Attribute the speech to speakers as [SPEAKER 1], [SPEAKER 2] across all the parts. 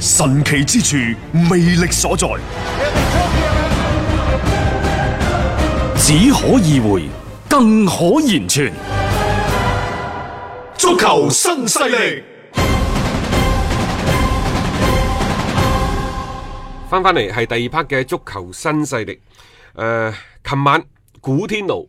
[SPEAKER 1] 神奇之處，魅力所在，只可意會，更可言傳。
[SPEAKER 2] 足球新勢力，翻翻嚟係第二 part 嘅足球新勢力。誒、呃，琴晚古天奴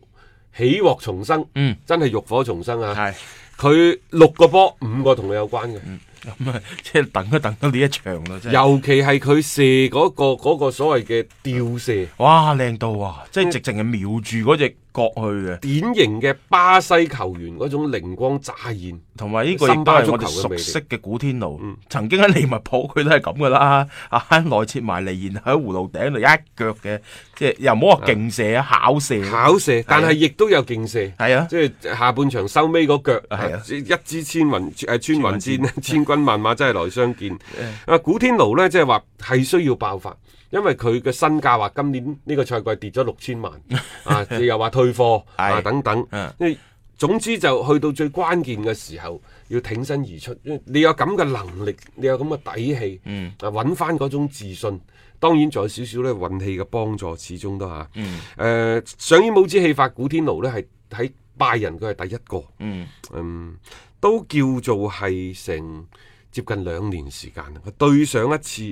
[SPEAKER 2] 起獲重生，嗯，真係浴火重生啊！係佢是六個波，五個同你有關嘅。嗯
[SPEAKER 1] 咁啊，即係等一等到呢一場啦，即係。尤其
[SPEAKER 2] 係佢射嗰、嗰個、嗰個所謂嘅吊射，
[SPEAKER 1] 哇靚到啊！即係直情係瞄住嗰隻角去嘅。
[SPEAKER 2] 典型嘅巴西球員嗰種靈光乍現，同埋呢個應該係我哋熟悉嘅古天奴。嗯、曾經喺利物
[SPEAKER 1] 浦佢都係咁噶啦，啊內切埋嚟，然後喺葫蘆頂度一腳嘅，即係又唔好話勁
[SPEAKER 2] 射啊，巧、啊、射。巧射，對但係亦都有勁射。係啊對，即係下半場收尾嗰腳，係對啊，一支千雲誒，穿、啊、雲箭，千跟萬馬真係來相見。啊，古天奴呢，即係話係需要爆發，因為佢嘅身價話今年呢個賽季跌咗六千萬 啊，又話退貨 啊等等。嗯， 因為總之就去到最關鍵嘅時候，要挺身而出。你有咁嘅能力，你有咁嘅底氣，揾翻嗰種自信。當然仲有少少呢運氣嘅幫助，始終都吓。誒、嗯呃，上演帽子戲法，古天奴呢係喺拜仁佢係第一個。嗯，嗯。都叫做係成接近兩年時間啦，對上一次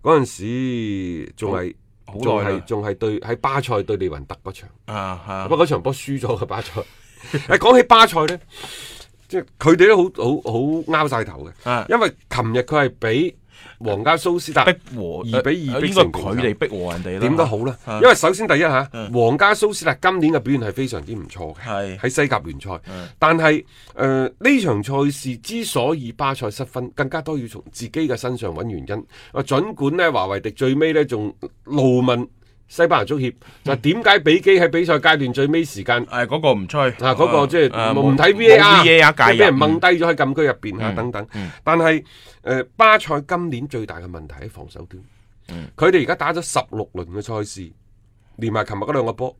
[SPEAKER 2] 嗰陣時仲係仲係仲係對喺巴塞對利雲特嗰場，啊、uh，huh. 不過嗰場波輸咗個巴塞。誒 講起巴塞咧，即係佢哋都好好好拗晒頭嘅，uh huh. 因為琴日佢係畀皇家蘇斯達逼和二比二逼成佢哋逼和人哋，點都好啦。是因為首先第一吓，皇家蘇斯達今年嘅表現係非常之唔錯嘅，係喺是西甲聯賽。但係誒呢場賽事之所以巴塞失分，更加多要從自己嘅身上揾原因。啊，儘管咧華為迪最尾咧仲怒問。西班牙足協就點解比基喺比賽階段最尾時間？誒、啊，嗰、那個唔吹，嗱、啊，嗰個、啊、即係唔睇 VAR，俾人掹低咗喺禁區入邊啊！等等，嗯嗯、但係誒、呃，巴塞今年最大嘅問題喺防守端，佢哋而家打咗十六輪嘅賽事，連埋琴日嗰兩個波。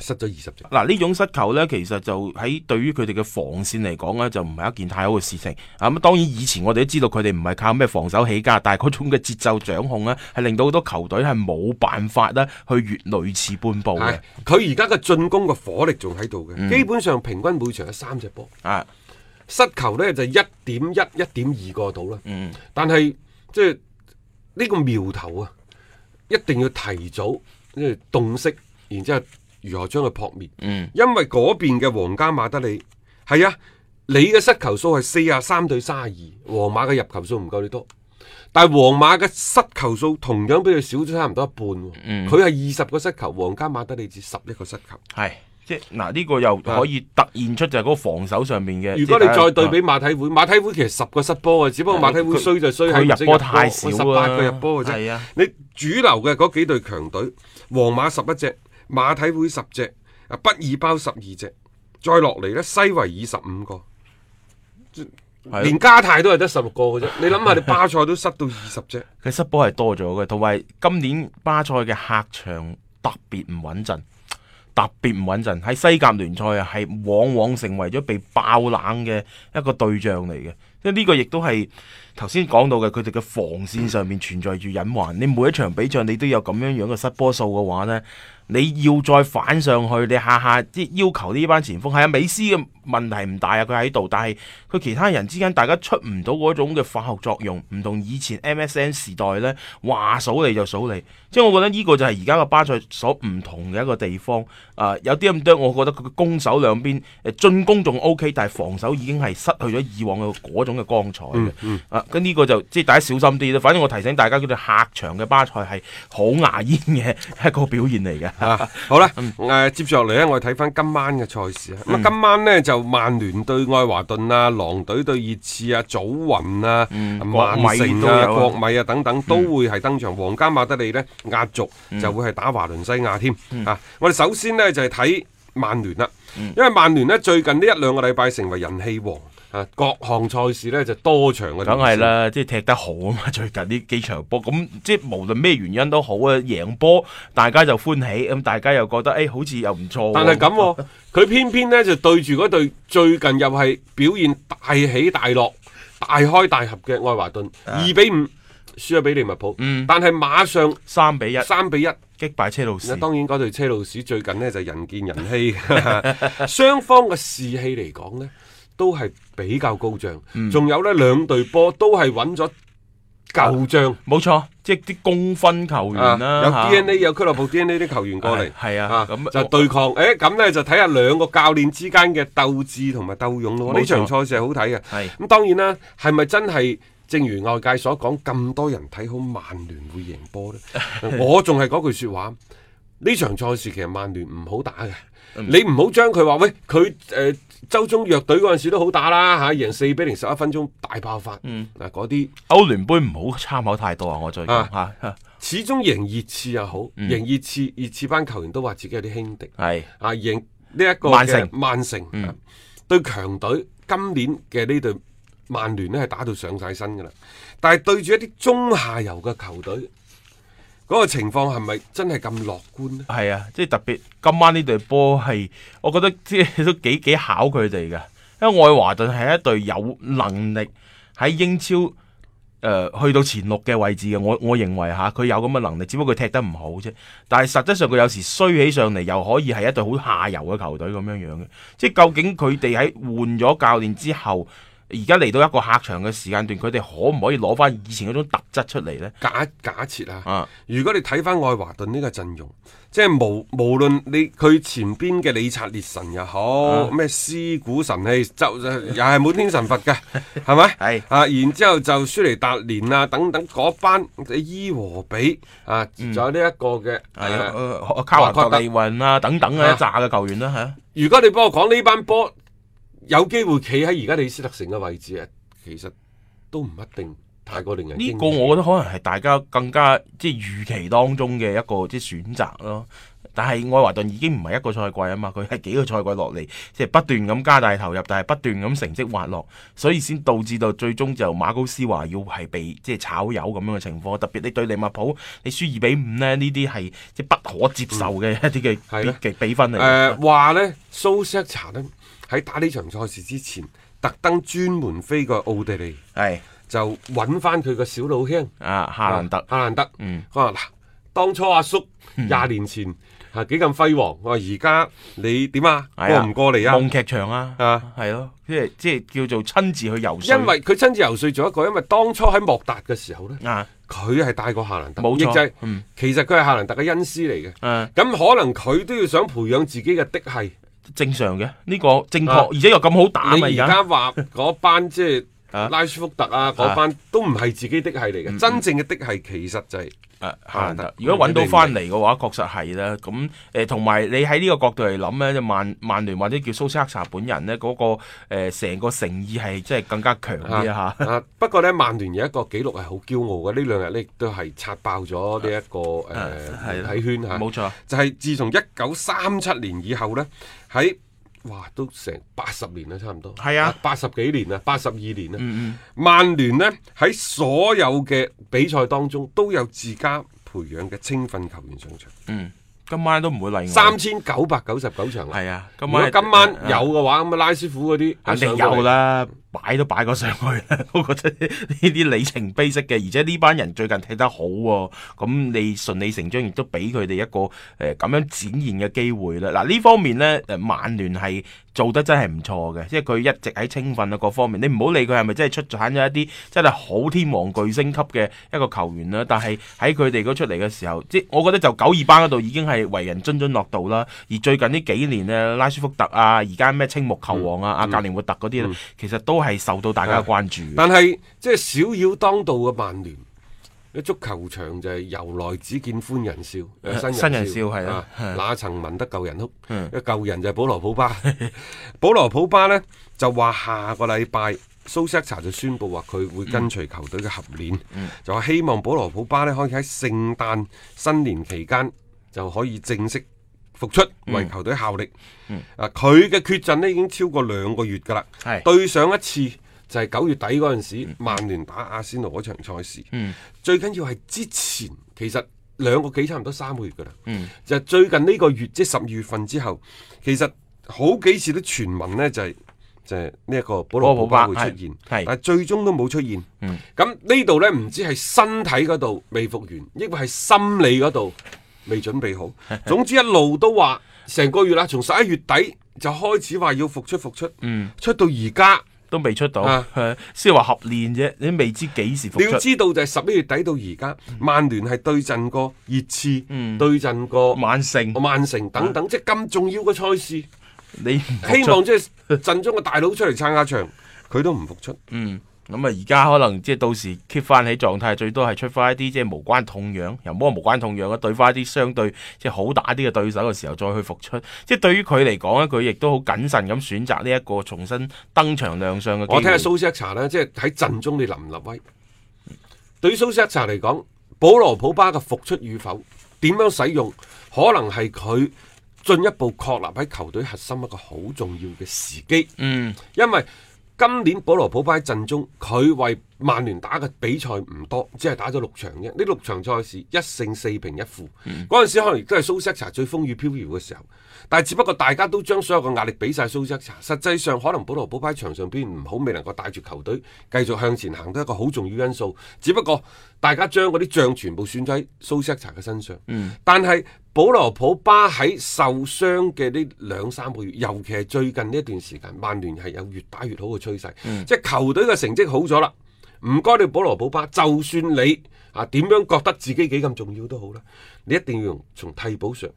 [SPEAKER 2] 失咗二十隻。
[SPEAKER 1] 嗱、啊，呢種失球呢，其實就喺對於佢哋嘅防線嚟講呢，就唔係一件太好嘅事情。咁、啊、當然以前我哋都知道佢哋唔係靠咩防守起家，但係嗰種嘅節奏掌控呢，係令到好多球隊係冇辦法呢去越雷池半步嘅。
[SPEAKER 2] 佢而家嘅進攻嘅火力仲喺度嘅，嗯、基本上平均每場有三隻波。啊，失球呢，就一點一、一點二個度啦。嗯，但係即係呢個苗頭啊，一定要提早即係洞悉，然之後。如何將佢撲滅？嗯，因為嗰邊嘅皇家馬德里係啊，你嘅失球數係四啊三對三二，皇馬嘅入球數唔夠你多，但係皇馬嘅失球數同樣比佢少咗差唔多一半、啊。佢係二十個失球，皇家馬德里只十一個失球。
[SPEAKER 1] 係，即係嗱，呢、啊呢個又可以突現出就係嗰個防守上面
[SPEAKER 2] 嘅。啊、如果你再對比馬體會，啊、馬體會其實十個失波啊，只不過馬體會衰就衰喺、啊、入波太少，十八個入波嘅啫。係啊，你主流嘅嗰幾隊強隊，皇馬十一隻。馬體會十隻，啊，畢爾包十二隻，再落嚟，咧西維爾十五個，的連加泰都係得十六個嘅啫。 你諗下，你巴塞都失到二十隻，
[SPEAKER 1] 佢失波係多咗嘅，同埋今年巴塞嘅客場特別唔穩陣，特別唔穩陣喺西甲聯賽啊，係往往成為咗被爆冷嘅一個對象嚟嘅。即係呢個亦都係頭先講到嘅，佢哋嘅防線上面存在住隱患。你每一場比賽你都有咁樣樣嘅失波數嘅話咧，你要再反上去，你下下即係要求呢班前鋒。係啊，美斯嘅問題唔大啊，佢喺度，但係佢其他人之間大家出唔到嗰種嘅化學作用，唔同以前 MSN 時代咧話數你就數你。即係我覺得呢個就係而家個巴塞所唔同嘅一個地方。啊、呃，有啲咁多，我覺得佢嘅攻守兩邊誒進攻仲 OK，但係防守已經係失去咗以往嘅種嘅光彩嘅，嗯嗯、啊，咁、這、呢個就即係大家小心啲啦。反正我提醒大家，佢哋客場嘅巴塞係好牙煙嘅，一個表現嚟嘅、
[SPEAKER 2] 啊。好啦，誒、嗯呃，接住落嚟咧，我哋睇翻今晚嘅賽事啊。咁啊、嗯，今晚呢，就曼聯對愛華頓啊，狼隊對熱刺啊，祖雲啊，嗯、曼城啊，國米啊等等都會係登場。皇、嗯、家馬德里呢壓軸就會係打華倫西亞添、嗯嗯、啊。我哋首先呢，就係、是、睇曼聯啦，因為曼聯呢，最近呢一兩個禮拜成為人氣王。啊！各項賽事咧就多場，梗係啦，嗯、
[SPEAKER 1] 即係踢得好啊嘛！最近啲幾場波，咁即係無論咩原因都好啊，贏波大家就歡喜，咁
[SPEAKER 2] 大家又覺得誒、哎，好似又唔錯、啊。但係咁、啊，佢 偏偏咧就對住嗰隊最近又係表現大起大落、大開大合嘅愛華頓二比五輸咗俾利物浦，嗯、但係馬上三比一，三比一擊比敗車路士。嗯、當然，嗰隊車路士最近呢就人見人欺，雙 方嘅士氣嚟講呢。都係比較高漲，仲有咧兩隊波都係揾咗舊將，冇錯，即係啲功勳球員有 D N A 有俱樂部 D N A 啲球員過嚟。係啊，咁就對抗。誒咁咧就睇下兩個教練之間嘅鬥智同埋鬥勇咯。呢場賽事係好睇嘅。咁，當然啦，係咪真係正如外界所講咁多人睇好曼聯會贏波呢？我仲係嗰句説話。呢場賽事其實曼聯唔好打嘅，嗯、你唔好將佢話喂佢誒、呃、周中弱隊嗰陣時都好打啦吓、啊，贏四比零十一分鐘大爆發。嗯，嗱嗰啲歐聯杯唔好
[SPEAKER 1] 參考太多啊！我再吓，啊啊、
[SPEAKER 2] 始終贏熱刺又好，嗯、贏熱刺熱刺班球員都話自己有啲輕敵。係啊、嗯，贏呢一個曼城，曼城成、嗯、對強隊，今年嘅呢隊曼聯咧係打到上晒身噶啦，但係對住一啲中下游嘅球隊。嗰個情況係咪真係咁樂觀咧？係啊，
[SPEAKER 1] 即係特別今晚呢隊波係，我覺得即係都幾幾考佢哋嘅，因為愛華頓係一隊有能力喺英超誒、呃、去到前六嘅位置嘅，我我認為吓佢有咁嘅能力，只不過佢踢得唔好啫。但係實質上佢有時衰起上嚟，又可以係一隊好下游嘅球隊咁樣樣嘅。即係究竟佢哋喺換咗教練之後，而家嚟到一個客場嘅時間段，佢哋可唔可以攞翻以前嗰種特
[SPEAKER 2] 質出嚟咧？假假設啊，啊如果你睇翻愛華頓呢個陣容，即係無無論你佢前邊嘅理察列神又、啊、好，咩、哦啊、師古神器，就又係滿天神佛嘅，係咪？係啊，然之後就舒尼達連啊等等嗰班嘅伊和比啊，仲有呢一個嘅，係啊，卡華託利
[SPEAKER 1] 運啊等等嘅一紮
[SPEAKER 2] 嘅球員啦嚇。如果你幫我講呢班波？有機會企喺而家李斯特城嘅位置啊，其實都唔一定，太過令人。呢個我覺
[SPEAKER 1] 得可能係大家更加即係預期當中嘅一個即係選擇咯。但係愛華頓已經唔係一個賽季啊嘛，佢係幾個賽季落嚟，即係不斷咁加大投入，但係不斷咁成績滑落，嗯、所以先導致到最終就馬高斯華要係被即係炒魷咁樣嘅情況。特別你對利物浦，你輸二比五呢，呢啲係即係不可接受嘅一啲嘅嘅比分嚟。誒
[SPEAKER 2] 話呢，蘇斯查呢。So 喺打呢場賽事之前，特登專門飛過奧地利，係就揾翻佢個小老兄啊，夏蘭特。夏蘭特，嗯，我話嗱，當初阿叔廿年前係幾咁輝煌，我話而家你點啊？過唔過嚟啊？夢劇場啊，係嘛？係咯，即係即係叫做親自去遊說。因為佢親自遊說做一個，因為當初喺莫達嘅時候咧，啊，佢係帶過夏蘭特。冇亦就其實佢係夏蘭特嘅恩師嚟嘅，嗯，咁可能佢都要想培養自己嘅嫡系。正常嘅呢、這個正確，啊、而且又咁好打，而家話嗰班呵呵即係拉舒福特啊，嗰、啊、班都唔係自己的，的係嚟嘅，嗯、真正嘅的，的係其實就係、是。誒得，啊、的如果揾到翻嚟嘅話，嗯、確實係啦。咁
[SPEAKER 1] 誒同埋你喺呢個角度嚟諗咧，曼曼聯或者叫蘇斯克查本人咧，嗰、嗰個成、呃、個誠意係即係更加強啲嚇。啊、啊
[SPEAKER 2] 不過咧，曼聯有一個紀錄係好驕傲嘅，呢兩日咧都係刷爆咗呢一個誒體圈嚇。冇錯、啊，就係自從一九三七年以後咧，喺哇，都成八十年啦，差唔多。係啊，八十幾年啦，八十二年啦。嗯。曼聯呢，喺所有嘅比賽當中，都有自家培養嘅青訓球員上場。嗯今晚都唔會例外。三千九百九十九場。係啊，今晚如果今晚有嘅話，咁啊、嗯、拉師傅嗰啲肯定有啦，
[SPEAKER 1] 擺都擺咗上去啦。 我覺得呢啲里程碑式嘅，而且呢班人最近踢得好咁、啊、你順理成章亦都俾佢哋一個誒咁、呃、樣展現嘅機會啦。嗱呢方面咧，誒曼聯係做得真係唔錯嘅，即係佢一直喺青訓啊各方面，你唔好理佢係咪真係出產咗一啲真係好天王巨星級嘅一個球員啦，但係喺佢哋嗰出嚟嘅時候，即係我覺得就九二班嗰度已經係。為人津津樂道啦，而最近呢幾年呢，拉舒福特啊，而家咩青木球王啊，阿格連活特嗰啲咧，嗯、其實都係受到大家關注。但係
[SPEAKER 2] 即係小妖當道嘅曼聯，足球場就係由來只見歡人笑，呃、新人笑係啊，那曾聞得舊人哭？啊、嗯，舊人就係保羅普巴。 保羅普巴呢，就話下個禮拜蘇斯查就宣布話佢會跟隨球隊嘅合練，嗯嗯、就話希望保羅普巴呢，可以喺聖誕新年期間。就可以正式復出為球隊效力。啊，佢嘅缺陣咧已經超過兩個月噶啦。係對上一次就係九月底嗰陣時，曼聯打阿仙奴嗰場賽事。最緊要係之前其實兩個幾差唔多三個月噶啦。就係最近呢個月即十二月份之後，其實好幾次都傳聞呢，就係就係呢一個保羅普巴會出現，但係最終都冇出現。嗯，咁呢度呢，唔知係身體嗰度未復原，亦或係心理嗰度。未準備好，總之一路都話成個月啦，從十一月底就開始話要復出復出，嗯，出到而家都未出到，
[SPEAKER 1] 先話、啊、合練啫，你未知幾時復出。你要知
[SPEAKER 2] 道就係十一月底到而家，曼聯係對陣過熱刺，嗯，對陣過曼城、曼城成等等，嗯、即咁重要嘅賽事，嗯、你希望即係陣中嘅大佬出嚟撐下場，佢都唔復出，嗯。咁啊，而家可能即係到時 keep 翻起狀態，最
[SPEAKER 1] 多係出翻一啲即係無關痛癢，又冇話無關痛癢啊！對翻一啲相對即係好打啲嘅對手嘅時候再去復出，即係對於佢嚟講咧，佢亦都好謹慎咁選擇呢一個重新登場亮相嘅。我睇下蘇
[SPEAKER 2] 斯克查咧，即係喺陣中你立唔立威？對蘇斯克查嚟講，保羅普巴嘅復出與否，點樣使用，可能係佢進一步確立喺球隊核心一個好重要嘅時機。嗯，因為。今年保羅普巴陣中，佢為曼聯打嘅比賽唔多，只係打咗六場啫。呢六場賽事一勝四平一負。嗰陣、嗯、時可能亦都係蘇斯茶最風雨飄搖嘅時候，但係只不過大家都將所有嘅壓力俾晒蘇斯茶。實際上可能保羅普巴場上邊唔好未能夠帶住球隊繼續向前行都係一個好重要因素。只不過大家將嗰啲仗全部選咗喺蘇斯茶嘅身上。嗯、但係保羅普巴喺受傷嘅呢兩三個月，尤其係最近呢一段時間，曼聯係有越打越好嘅趨勢，嗯、即係球隊嘅成績好咗啦。唔該，你保羅保巴，就算你啊點樣覺得自己幾咁重要都好啦，你一定要從替補上，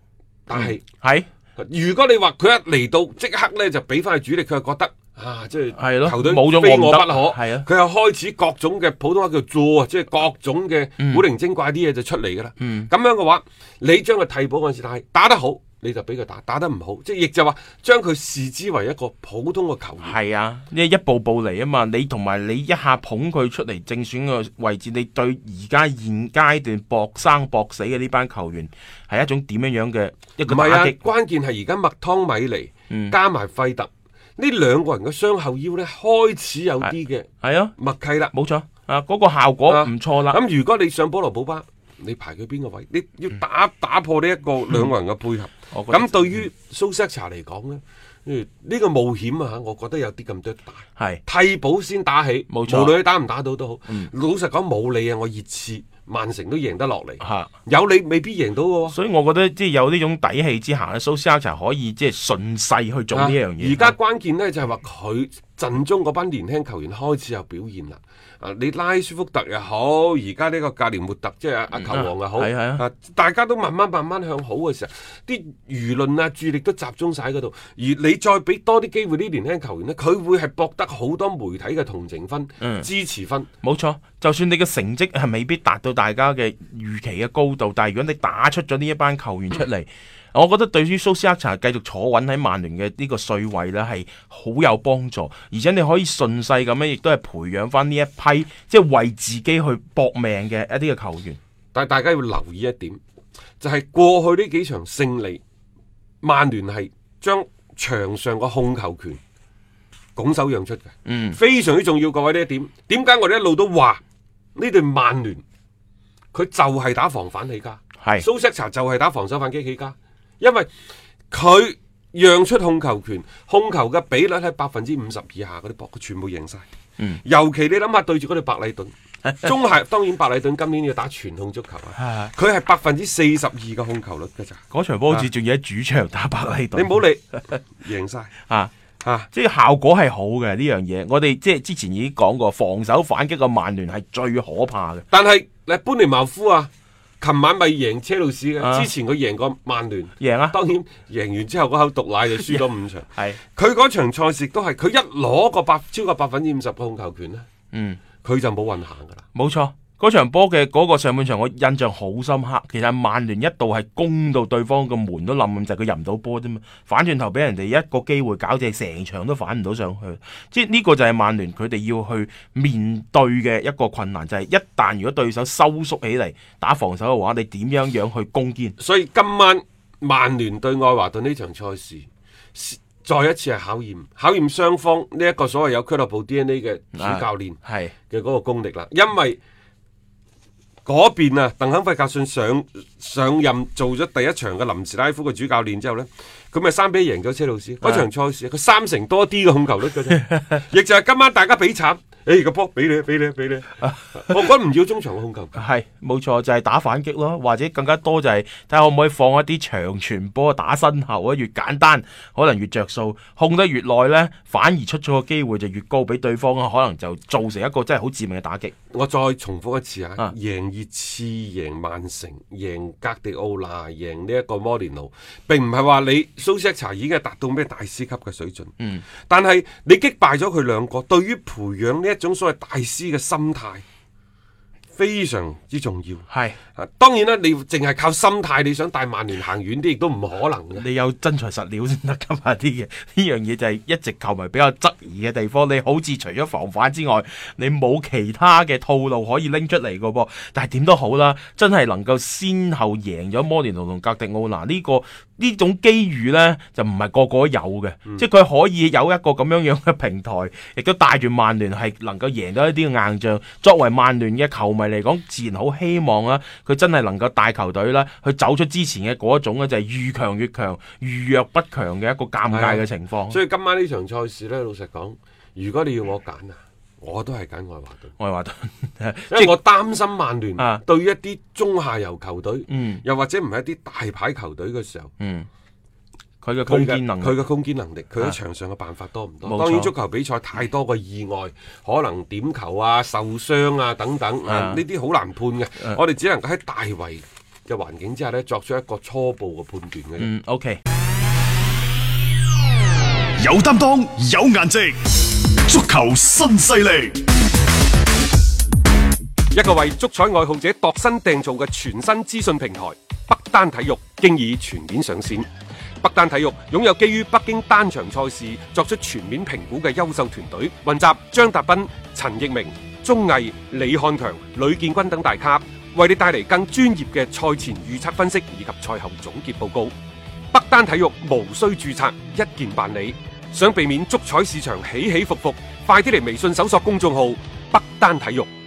[SPEAKER 2] 但係係，如果你話佢一嚟到即刻咧就俾翻佢主力，佢又覺得啊即係係咯，球隊冇咗非我不可，係啊的，佢又開始各種嘅普通話叫做做啊，即係各種嘅古靈精怪啲嘢就出嚟噶啦，咁、嗯嗯、樣嘅話，你將個替補嗰陣時打打得好。你就俾佢打打得唔好，即係亦就話將佢視之為一個普通嘅球
[SPEAKER 1] 員。係啊，你一步步嚟啊嘛，你同埋你一下捧佢出嚟正選嘅位置，你對而
[SPEAKER 2] 家現階段搏生搏死嘅呢班球員係一種點樣樣嘅一個打擊。啊、關鍵係而家麥湯米尼、嗯、加埋費特呢兩個人嘅雙後腰呢，開始有啲嘅。係啊，默契啦，冇錯啊，嗰、啊那個效果唔錯啦。咁、啊、如果你上保羅普巴，你排佢邊個位？你要打、嗯、打破呢一個兩個人嘅配合。咁、嗯、對於蘇斯察嚟講咧，呢、嗯、這個冒險啊吓，我覺得有啲咁多大。係是替補先打起，錯無論你打唔打到都好。嗯、老實講冇你啊，我熱刺曼城都贏得落嚟。的有你未必贏到嘅。所以我覺得即係有呢種底氣之下咧，蘇斯察可以即係順勢去做呢樣嘢。而家關鍵咧就係話佢陣中嗰班年輕球員開始有表現啦。你拉舒福特又好，而家呢個格連活特即係阿球王又好，啊，啊，啊大家都慢慢慢慢向好嘅時候，啲輿論啊注意力都集中晒喺嗰度，而你再俾多啲機會啲年輕球員呢，佢會係博得好多媒體嘅同情分、嗯、支持分。
[SPEAKER 1] 冇錯，就算你嘅成績係未必達到大家嘅預期嘅高度，但係如果你打出咗呢一班球員出嚟。 我覺得對於蘇斯克查繼續坐穩喺曼聯嘅呢個帥位咧，係好有幫助，而且你可以順勢咁樣，亦都係培養翻呢一批即係為自己去搏命嘅
[SPEAKER 2] 一啲嘅球員。但係大家要留意一點，就係、是、過去呢幾場勝利，曼聯係將場上個控球權拱手讓出嘅，嗯，非常之重要。各位呢一點，點解我哋一路都話呢隊曼聯佢就係打防反起家，係蘇是斯克查就係打防守反擊起家。因為佢讓出控球權，控球嘅比率喺百分之五十以下嗰啲波，佢全部贏晒。嗯，尤其你諗下對住嗰啲白里盾， 中係當然白里盾今年要打全控足球啊。佢係百分之四十二嘅控球率嘅咋？嗰場波子
[SPEAKER 1] 仲要喺主場打白里盾，你唔好理，
[SPEAKER 2] 贏晒
[SPEAKER 1] 啊啊！即係效果係好嘅呢樣嘢。我哋即係之前已經講過，防守反擊個曼聯係最可怕嘅。
[SPEAKER 2] 但係你般尼茅夫啊！琴晚咪贏車路士嘅，啊、之前佢贏過曼聯，贏啦、啊，當然贏完之後嗰口毒奶就輸咗五場。係 是，佢嗰場賽事亦都係佢一攞個百超過百分之五十嘅控球權咧，嗯，佢就冇運行噶啦，冇錯。嗰場波嘅
[SPEAKER 1] 嗰個上半場，我印象好深刻。其實曼聯一度係攻到對方個門都冧咁滯，佢入唔到波啫嘛。反轉頭俾人哋一個機會，搞正成場都反唔到上去。即係呢個就係曼聯佢哋要去面對嘅一個困難，就係一旦如果對手
[SPEAKER 2] 收縮起嚟打防守嘅話，你點樣樣去攻堅？所以今晚曼聯對愛華頓呢場賽事，再一次係考驗考驗雙方呢一個所謂有俱樂部 DNA 嘅主教練係嘅嗰個功力啦，啊、因為。嗯嗰邊，鄧肯費格遜上任，做咗第一場嘅臨時拉夫嘅主教練之後
[SPEAKER 1] 呢，佢咪三比一贏咗
[SPEAKER 2] 車路士， 那球給你, 我再重複一次啊！贏熱刺、贏曼城、贏哥迪奧拿、贏呢一個摩連奴，並唔係話你蘇斯察已經係達到咩大師級嘅水準。嗯，但係你擊敗咗佢兩個，對於培養呢一種所謂大師嘅心態，非常之重要，係是、啊，當然啦，你淨係靠心態，你想帶曼聯行遠啲，亦都唔可能嘅。你有真材實料先得㗎嘛，呢樣嘢。呢樣嘢就係一直球迷比較質疑嘅地方。
[SPEAKER 1] 你好似除咗防範之外，你冇其他嘅套路可以拎出嚟噶噃。但係點都好啦，真係能夠先後贏咗摩連奴同格迪奧，嗱呢個。呢種機遇呢，就唔係個個都有嘅，嗯、即係佢可以有一個咁樣樣嘅平台，亦都帶住曼聯係能夠贏到一啲嘅硬仗。作為曼聯嘅球迷嚟講，自然好希望啊，佢真係能夠帶球隊啦，去走出之前嘅嗰一種呢，就係遇強愈強，遇弱不強嘅一個尷尬嘅情況，啊。所以
[SPEAKER 2] 今晚呢場賽事呢，老實講，如果你要我揀啊。嗯我都係揀愛華
[SPEAKER 1] 頓，愛華頓，因為
[SPEAKER 2] 我擔心曼聯對一啲中下游球隊，嗯、又或者唔係一啲大牌球隊嘅時候，佢嘅、嗯、攻堅能佢嘅攻堅能力，佢喺、啊、場上嘅辦法多唔多？冇錯、當然足球比賽太多個意外，嗯、可能點球啊、受傷啊等等啊，呢啲好難判嘅。啊、我哋只能夠喺大圍嘅環境之下咧，作出一個初步嘅判斷嘅。嗯，OK，有擔當，有顏值。
[SPEAKER 1] 足球新勢
[SPEAKER 2] 力，一個為足彩愛好者度身訂造嘅全新資訊平台——北單體育，經已全面上線。北單體育擁有基於北京單場賽事作出全面評估嘅優秀團隊，雲集張達斌、陳奕明、鍾毅、李漢強、呂建軍等大咖，為你帶嚟更專業嘅賽前預測分析以及賽後總結報告。北單體育無需注冊，一鍵辦理。想避免足彩市場起起伏伏，快啲嚟微信搜索公眾號北單體育。